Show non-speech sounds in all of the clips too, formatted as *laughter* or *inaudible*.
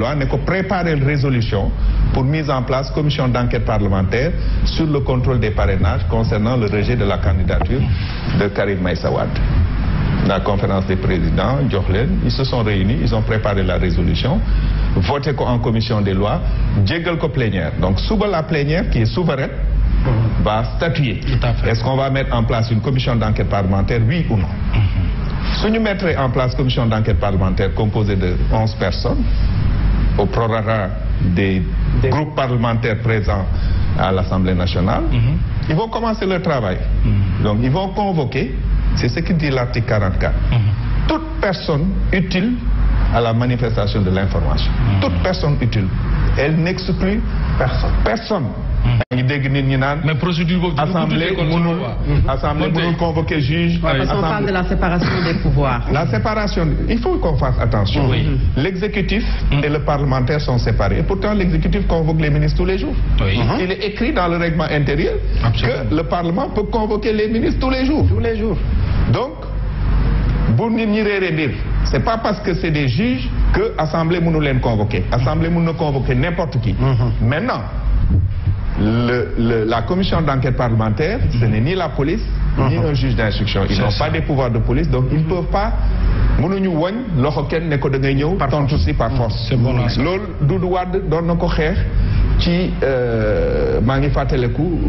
loi n'est que préparer une résolution pour mise en place commission d'enquête parlementaire sur le contrôle des parrainages concernant le rejet de la candidature de Karim Maïsawad. la conférence des présidents, Djoklen, ils se sont réunis, ils ont préparé la résolution, voté en commission des lois, djegel ko plénière. Donc, sous la plénière qui est souveraine, va statuer. Est-ce qu'on va mettre en place une commission d'enquête parlementaire, oui ou non mm-hmm. Si nous mettrions en place une commission d'enquête parlementaire composée de 11 personnes, au prorata des, groupes parlementaires présents à l'Assemblée nationale, mhm. ils vont commencer leur travail. Mhm. Donc ils vont convoquer, c'est ce que dit l'article 44, mhm. toute personne utile à la manifestation de l'information. Toute personne utile. Elle n'exclut personne. Personne mais procédure assemblée vous assemblée convoquez juge. parce parle de la séparation des pouvoirs. la séparation il faut qu'on fasse attention. l'exécutif mm. et le parlementaire sont séparés pourtant l'exécutif convoque les ministres tous les jours. Mm-hmm. Uh-huh. il est écrit dans le règlement intérieur. que le parlement peut convoquer les ministres tous les jours. tous les jours donc vous n'irez c'est pas parce que c'est des juges que l'Assemblée nous l'aime convoquer assemblée nous convoque convoquer n'importe qui. Mm-hmm. maintenant. Le, la commission d'enquête parlementaire, ce mhm. n'est ni la police, ni mhm. un juge d'instruction. Ils n'ont pas des pouvoirs de police, donc ils ne peuvent pas mënuñu Wen, loxo kenn ne ko da ngay par mhm. force hein. L'ol Doudou Wade doon na ko xeex ci euh, maa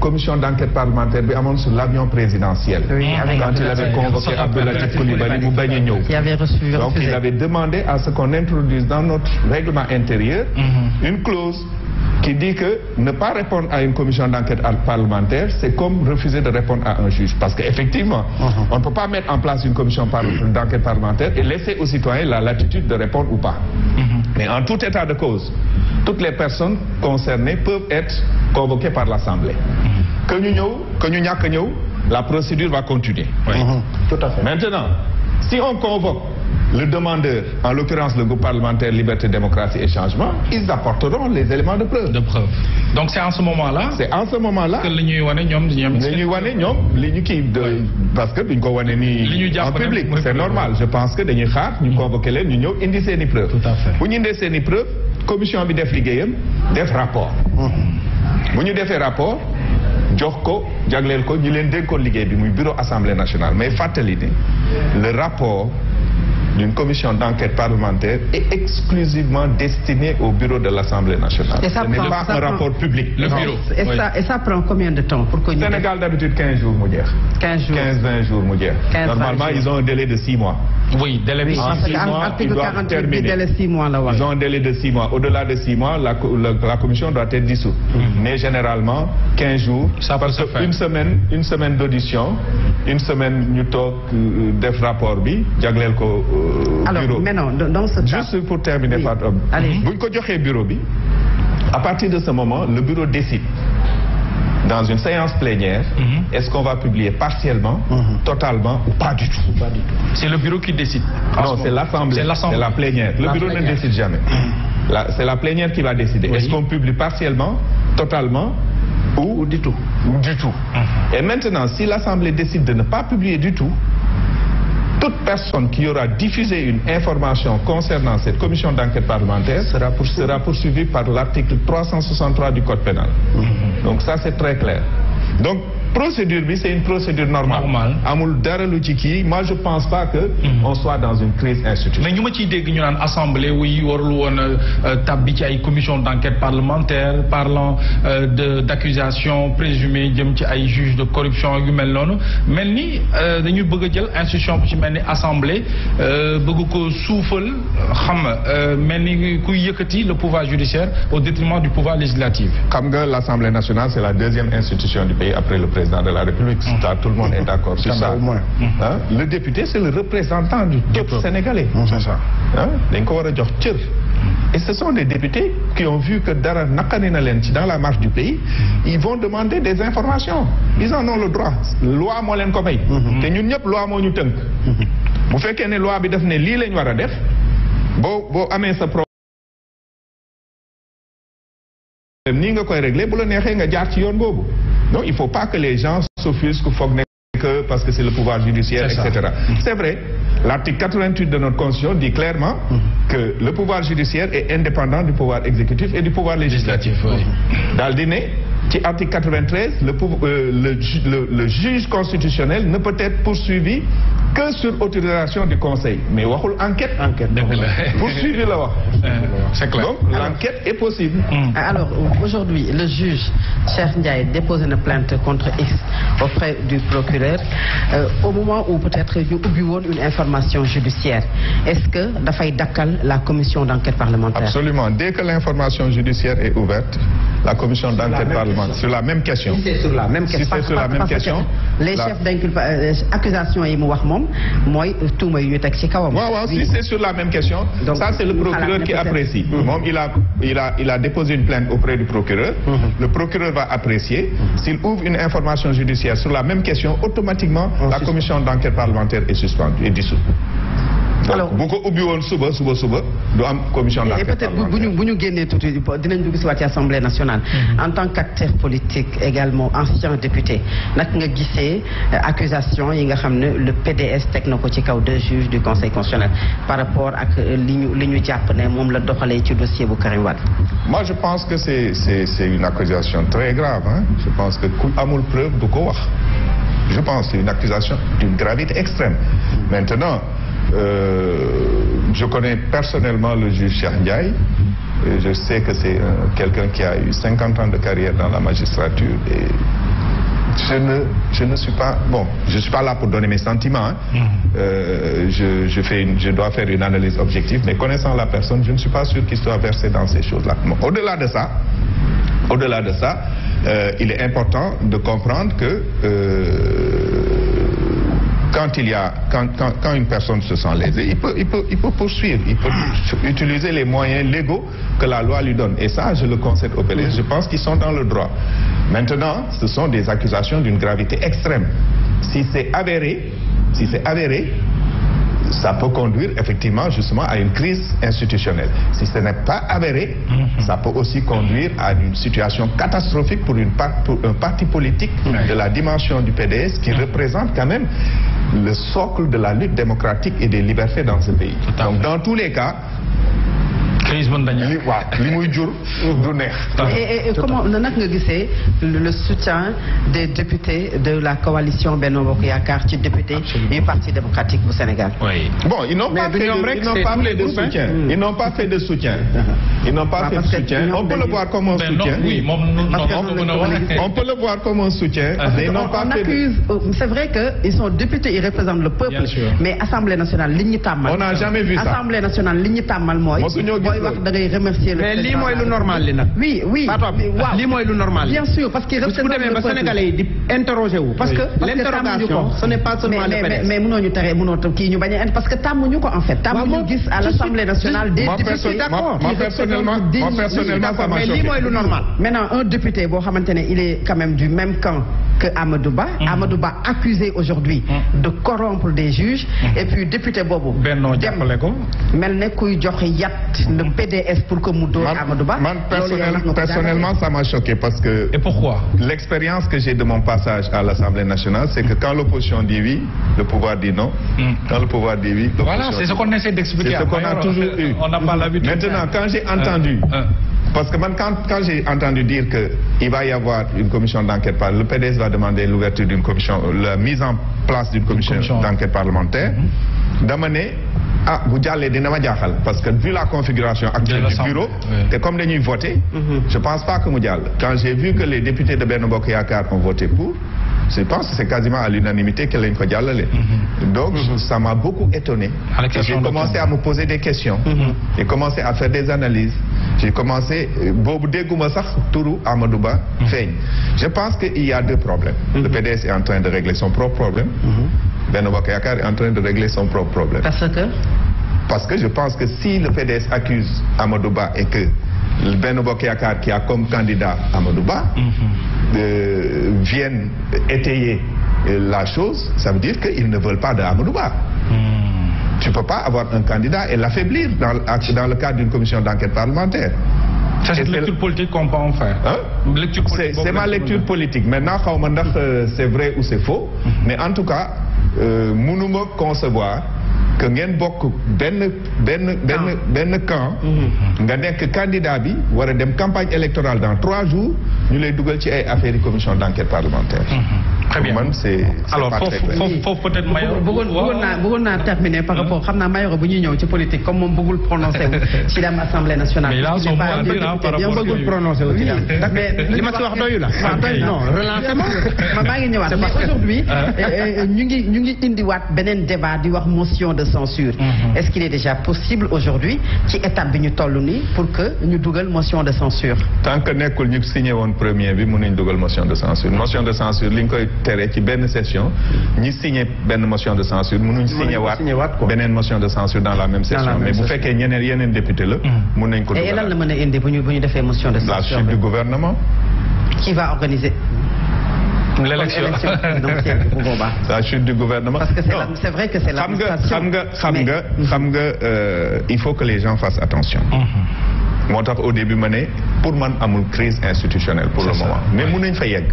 commission d'enquête parlementaire bi amoon sur l'avion présidentiel quand il avait convoqué Abdelaziz Coulibaly mu donc il avait demandé à ce qu'on introduise dans notre règlement intérieur une clause qui dit que ne pas répondre à une commission d'enquête parlementaire, c'est comme refuser de répondre à un juge. Parce qu'effectivement, uh-huh. on ne peut pas mettre en place une commission d'enquête parlementaire et laisser aux citoyens la latitude de répondre ou pas. Uh-huh. Mais en tout état de cause, toutes les personnes concernées peuvent être convoquées par l'Assemblée. Uh -huh. Que nous que nous la procédure va continuer. Uh-huh. Tout à fait. Maintenant, si on convoque le demandeur, en l'occurrence le groupe parlementaire Liberté, Démocratie et Changement, ils apporteront les éléments de preuve. De preuve. Donc c'est en ce moment-là. C'est en ce moment-là. Que les parce que nous en public, c'est normal. Je pense que dañuy xaar ñu mm. convoqué les ñu ñëw indi seen preuves. preuve. tout à fait bu preuve commission bi def liggéeyam def rapport. Mm. bu ñu defee rapport. jox ko jagleel ko ñu leen dénkoon liggéey bi bureau assemblée nationale mais fàttali le rapport d'une commission d'enquête parlementaire est exclusivement destinée au bureau de l'Assemblée nationale. ça Ce n'est pas un rapport public. Le bureau. Et, ça, ça, prend combien de temps pour qu'on Sénégal, d'habitude, 15 jours, Moudière. 15 jours. 15-20 jours, Moudière. Normalement, ils ont un délai de 6 mois. Oui, délai de 6 mois. Article 48, délai Ils ont un délai de 6 mois. Au-delà de 6 mois, la, la, commission doit être dissoute. Mais généralement, 15 jours. Ça parce se une semaine, une semaine d'audition, une semaine, nous talk euh, rapport bi, jaglel ko euh, Alors, bureau. non, dans ce Juste pour terminer, oui. pardon. Allez. Vous bureau bi, à partir de ce moment, le bureau décide dans une séance plénière, mhm. est-ce qu'on va publier partiellement, mhm. totalement ou pas du tout, C'est le bureau qui décide. Non, ah, c'est l'Assemblée. C'est la plénière. Le bureau ne décide jamais. Mhm. C'est la plénière qui va décider. Est-ce qu'on publie partiellement, totalement ou, ou du tout Du tout. Et maintenant, si l'Assemblée décide de ne pas publier du tout, toute personne qui aura diffusé une information concernant cette commission d'enquête parlementaire sera, poursuivie, par l'article 363 du Code pénal. Mm-hmm. Donc ça, c'est très clair. Donc, procédure mais c'est une procédure normale. amul ci moi je pense pas que. Mhm. on soit dans une crise institutionnelle. mais nous, dit ciy dégg ñu une assemblée où il y tabbi une commission d'enquête parlementaire parlant euh, d'accusations présumées jëm ci juges de corruption Mais nous, avons mel ni euh, bëgg jël institution qui ci mel assemblée euh, bëgg ko xam le pouvoir judiciaire au détriment du pouvoir législatif. Comme l'Assemblée nationale c'est la deuxième institution du pays après le président président de la République. Hum. Ça, tout le monde est d'accord sur ça. Hein? Hum. Le député, c'est le représentant du peuple sénégalais. Hum, c'est ça. Hein? Et ce sont des députés qui ont vu que Dara dans la marche du pays, ils vont demander des informations. Ils en ont le droit. Loi Molen Kopay. Et nous sommes loi Molen Tunk. Vous faites une loi qui est l'île de Def. Vous avez ce problème. ni nga koy réglé bu la nexé nga jaar ci yoon bobu donc il ne faut pas que les gens s'offusquent, que parce que c'est le pouvoir judiciaire, etc. C'est vrai, l'article 88 de notre Constitution dit clairement mm-hmm. que le pouvoir judiciaire est indépendant du pouvoir exécutif et du pouvoir législatif. Dans le dîner, article 93 euh, le, juge constitutionnel ne peut être poursuivi que sur autorisation du conseil mais il enquête enquête poursuivi la euh, donc l'enquête est possible hum. ah, alors aujourd'hui le juge cher Ndiaye dépose une plainte contre X auprès du procureur euh, au moment où peut-être il y une information judiciaire est-ce que dafay la commission d'enquête parlementaire absolument dès que l'information judiciaire est ouverte la commission d'enquête parlementaire sur la même question. si c'est sur la même question. les chefs d'accusation euh, et moi mu tout yu si c'est sur la même question. ça c'est le procureur qui apprécie. Mm-hmm. il a il a il a déposé une plainte auprès du procureur. Mm-hmm. le procureur va apprécier. Mm-hmm. s'il ouvre une information judiciaire sur la même question automatiquement la commission d'enquête parlementaire est suspendue et dissoute alors bu ko ubbi woon suba suba suba du am commission d'enquête peut-être bu ñu bu ñu génnee tuuti dinañ dugg si waat ci assemblée nationale. Mhm. en tant qu'acteur politique également ancien député nag nga gisee euh, accusation yi nga xam le PDS teg na ko ci kaw deux juges du conseil constitutionnel par rapport ak euh, li ñu li ñu jàpp ne moom la doxalee ci dossier bu Karim Wade. moi je pense que c'est c'est c'est une accusation très grave hein je pense que ku amul preuve du ko wax je pense c'est une accusation d'une gravité extrême maintenant. Euh, je connais personnellement le juge Cheikh Je sais que c'est quelqu'un qui a eu 50 ans de carrière dans la magistrature je ne, je ne suis pas bon je suis pas là pour donner mes sentiments hein. mm-hmm. euh, je, dois faire une analyse objective mais connaissant la personne je ne suis pas sûr qu'il soit versé dans ces choses là au delà de ça au delà de ça euh, il est important de comprendre que quand, il y quand, une personne se sent lésée, il peut, poursuivre, il peut utiliser les moyens légaux que la loi lui donne. Et ça, je le concède au PDS. Je pense qu'ils sont dans le droit. Maintenant, ce sont des accusations d'une gravité extrême. Si c'est avéré, si c'est avéré, ça peut conduire effectivement justement à une crise institutionnelle. Si ce n'est pas avéré, mm-hmm. ça peut aussi conduire à une situation catastrophique pour, un parti politique de la dimension du PDS qui mm-hmm. représente quand même le socle de la lutte démocratique et des libertés dans ce pays. Donc, dans tous les cas, crise li et comment on nga gisee le soutien des députés de la coalition Benno Bokk tu ci député du parti démocratique du Sénégal. oui bon ils n'ont pas fait de soutien. ils n'ont pas fait de soutien. Uh-huh. ils n'ont pas ah, fait de soutien on peut le voir comme un soutien. on peut le voir comme un soutien. mais ils euh, c'est vrai que ils sont députés ils représentent le peuple. mais assemblée nationale li tamal. on n'a jamais vu ça assemblée nationale li ñu wax le normal oui oui normal. bien sûr parce que sénégalais interroger parce que l'interrogation ce n'est pas seulement le mais nous, parce que en fait. à l'Assemblée nationale. des députés d'accord personnellement personnellement mais normal. maintenant un député il est quand même du même camp que Amadouba. Mm. Amadouba accusé aujourd'hui mm. de corrompre des juges. Mm. et puis député Bobo. Ben non. ko mais ne kuy joxe yat le PDS pour que mu Amadouba. personnellement ça m'a choqué parce que. et pourquoi. l'expérience que j'ai de mon passage à l'Assemblée nationale c'est que quand l'opposition dit oui le pouvoir dit non. quand le pouvoir dit oui. voilà c'est ce qu'on essaie d'expliquer. c'est ce qu'on a toujours eu. on n'a pas l'habitude. maintenant quand j'ai euh, entendu. Euh, parce que quand, j'ai entendu dire qu'il va y avoir une commission d'enquête, le PDS va demander l'ouverture d'une commission, la mise en place d'une commission, d'enquête parlementaire, mhm. d'amener à ah, bu et dina parce que vu la configuration actuelle du bureau et comme nuits voté mhm. je ne pense pas que mu quand j'ai vu que les députés de Benno et Akar ont voté pour je pense que c'est quasiment à l'unanimité que lañ mhm. donc ça m'a beaucoup étonné j'ai commencé à me poser des questions j'ai commencé à faire des analyses j'ai commencé Bob mhm. je pense qu'il y a deux problèmes mhm. le PDS est en train de régler son propre problème Ben Bokk est en train de régler son propre problème parce que parce que je pense que si le PDS accuse Amadouba et que le Bokk qui a comme candidat Amadouba, euh, vient étayer la chose ça veut dire qu'ils ne veulent pas de tu ne peux pas avoir un candidat et l'affaiblir dans, le cadre d'une commission d'enquête parlementaire. C'est c'est lecture politique qu'on peut en faire. Hein? C'est ma lecture politique. Maintenant, euh, c'est vrai ou c'est faux. Mhm. Mais en tout cas, euh, nous concevoir que ngeen bokk ben, ben, ben, ben camp mhm. candidat bi a campagne électorale dans trois jours Nous, les dugal ci ay commission d'enquête parlementaire mhm très bien man alors foofu peut être Mayoro. bëggoon bëggoon naa bëggoon naa terminer par rapport xam naa Mayoro bu ñuy ñëw ci politique comme moom bëggul prononcé wu *laughs* ci dem assemblée nationale. mais là son mot a dit hein, par rapport ak bëggul prononcé wu ci dem. mais *laughs* li ma si wax doyu *laughs* non relancement. ma. ma maa ngi ñëwaat mais aujourd'hui ah. euh, euh, ñu ngi ñu ngi indiwaat beneen débat di wax motion de censure. Mm-hmm. est ce qu'il est déjà possible aujourd'hui ci étape bi ñu toll nii pour que ñu dugal motion de censure. tant que nekkul ñu signé woon premier bi mun nañu motion de censure motion de censure li ñu Terre qui une session ni signé une motion de censure mënuñ signé une motion de censure dans la même session mais vous faites que n'y député hmm. indi motion de censure la chute du gouvernement qui va organiser l'élection *laughs* la chute du gouvernement parce que c'est vrai que c'est la chute nga xam hmm. euh, il faut que les gens fassent attention hmm. au début moi, il pour a une crise institutionnelle pour le moment mais vous nañ fa yegg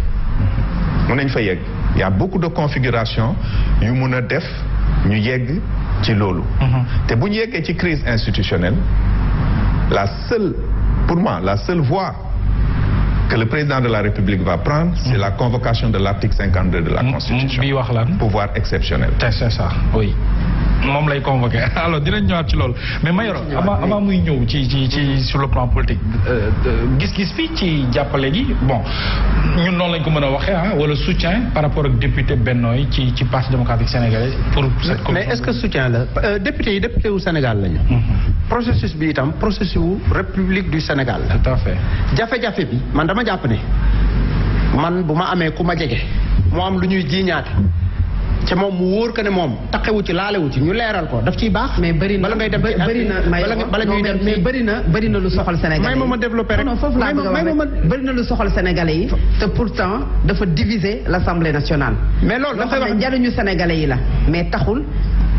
il y a beaucoup de configurations. yu y a def ñu yegg ci loolu mhm. te crise institutionnelle la seule pour moi la seule voie que le président de la République va prendre, c'est la convocation de l'article 52 de la mhm. Constitution. Pouvoir exceptionnel. C'est ça, oui. moom lay convoqué *laughs* alors dinañ ñëwaat ci lool mais Mayoro avant avant muy ñëw ci ci ci sur le plan euh, gis-gis fii ci jàppale gi bon ñun noonu lañ ko mën a waxee ah wala soutien par rapport ak député Benno yi ci ci parti démocratique sénégalais pour cette mais est-ce que soutien la euh, député yi député wu Sénégal lañu mm-hmm. processus bi itam processus wu république du Sénégal la tout à fait jafe-jafe bi man dama jàpp ne man bu ma amee ku ma jege mu am lu ñuy jiiñaate ca moom mu wóor ko ne moom taqewu ci laalewu ci ñu leral ko daf ci baax. mais bari na bala ngay dem bari na bala ñuy dem mais bari na bari na lu soxal Sénégalais yi. may ma ma développé rek non foofu laa bëgg ma na lu soxal Sénégalais yi. te pourtant dafa diviser l'assemblée nationale. mais loolu dafay wax njariñu Sénégalais yi la mais taxul.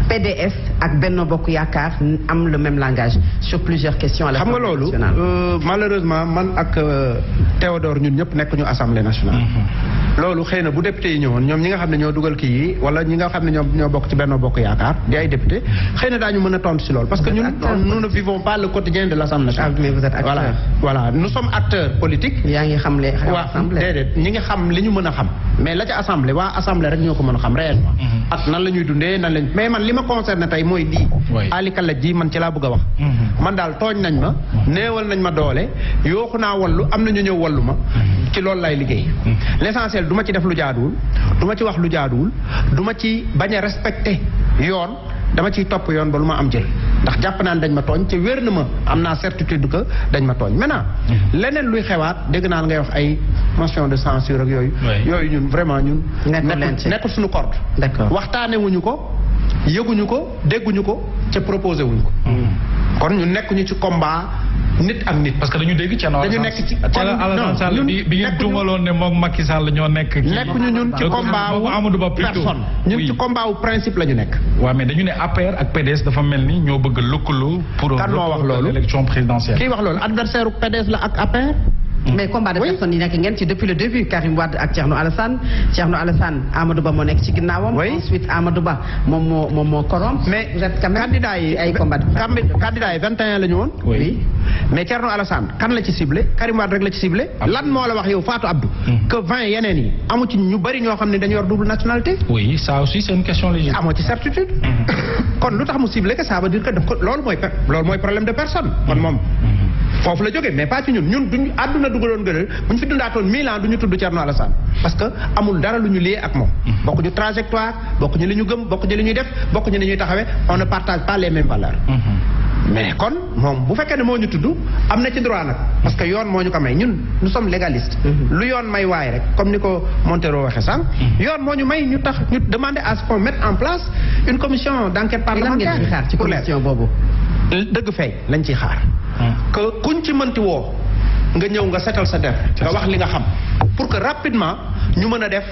PDS ak Benno Bokk Yaakaar am le même langage sur plusieurs questions. à la assemblée nationale xam nga loolu euh, malheureusement man ak euh, Théodore ñun ñëpp nekk ñu assemblée nationale. Mm-hmm. loolu xëy na bu député yi ñëwoon ñoom ñi nga xam ne ñoo dugal kii yi ñi nga xam ne ñoom ñoo bokk ci Benno Bokk Yaakaar di ay député xëy na daañu mën a tontu si loolu parce que ñun nous ne vivons pas le quotidien de ah, yaa ngi xam le waaw ñi nga xam li ñu mën a xam mais la ca assemblée waa assemblée rek ñoo ko mën a xam réellement mm-hmm. ak nan la dundee nan lañ mais man li ma concerné tey mooy lii aalikala ji man ci laa bëgg a wax mm-hmm. man daal tooñ nañ ma mm-hmm. néewal nañ ma doole yooxu naa wallu am na ñu ñëw wallu ma ci loolu lay liggéey. Hmm. l'essentiel du ma ci def lu jaaduwul duma ci wax lu jaaduwul duma ci bañ a respecté yoon dama ciy topp yoon ba lu ma am jël ndax jàpp naa ne dañ ma tooñ ci wér na ma am naa certitude ko dañ ma tooñ maintenant. Hmm. leneen luy xewaat dégg naa ngay wax ay motion de censure ak yooyu. yooyu ñun vraiment ñun. nekkul suñu corde. d'accord waxtaanee wuñu ko yëguñu ko dégguñu ko ca proposé wuñu ko. Hmm. kon ñu nekk ñu ci combat. nit ak nit parce que dañu dégg ci dañu nekk ci Alassane Sall bi bi ngeen tuumaloon ne moom Macky Sall ñoo nekk nekk ñu ñun ci combat wu Amadou ñun ci combat principe la ñu nekk waaw mais dañu ne APR ak PDS dafa mel ni ñoo bëgg lëkkaloo pour kan moo wax loolu élection présidentielle kii wax loolu adversaire u PDS la ak APR mais mm. combat de personnes yi nekk ngeen ci depuis le début Karim Wade ak Thierno Alassane Thierno Alassane Amadou Ba mo nek ci ginnaawam. ensuite Amadou Ba mom mo mom mo corrompre. mais vous êtes quand même candidat yi ay combat de candidat yi 21 la ñu woon. oui mais Thierno Alassane kan la ci cibler Karim Wade rek la ci cibler lan mo la wax yow Fatou Abdou. Mm. que 20 yenen yi amu ci ñu bari ño xam dañu yor double nationalité. oui ça aussi c'est une question légitime. amu ci certitude. Mm. *coughs* kon lutax mu cibler que ça veut dire que lool moy lool moy problème de personne kon moom. foofu la jógee mais pas ci ñun ñun duñ àdduna dugaloon gënal bu fi dundaatoon mille ans du ñu tudd Thierno Alassane parce que amul dara luñu lié ak mom bokku mm-hmm. bokkuñu trajectoire bokku li liñu gëm bokku li liñu def bokku li ñuy taxawé on ne partage pas les mêmes valeurs. Mm-hmm. mais kon mom bu fekkee ne moo ñu tudd am ci droit nak parce que yoon moñu ko may ñun nous sommes légalistes. Mm-hmm. lu yoon may waay rek comme niko Montero waxee sànq. yoon moñu may ñu tax ñu demander à ce qu'on mette en place une commission d'enquête parlementaire. ci pour bobu deug fay lañ ci xaar. que hmm. kuñ ci mënti woo nga ñew nga sétal sa def nga wax li nga xam pour que rapidement ñu mëna def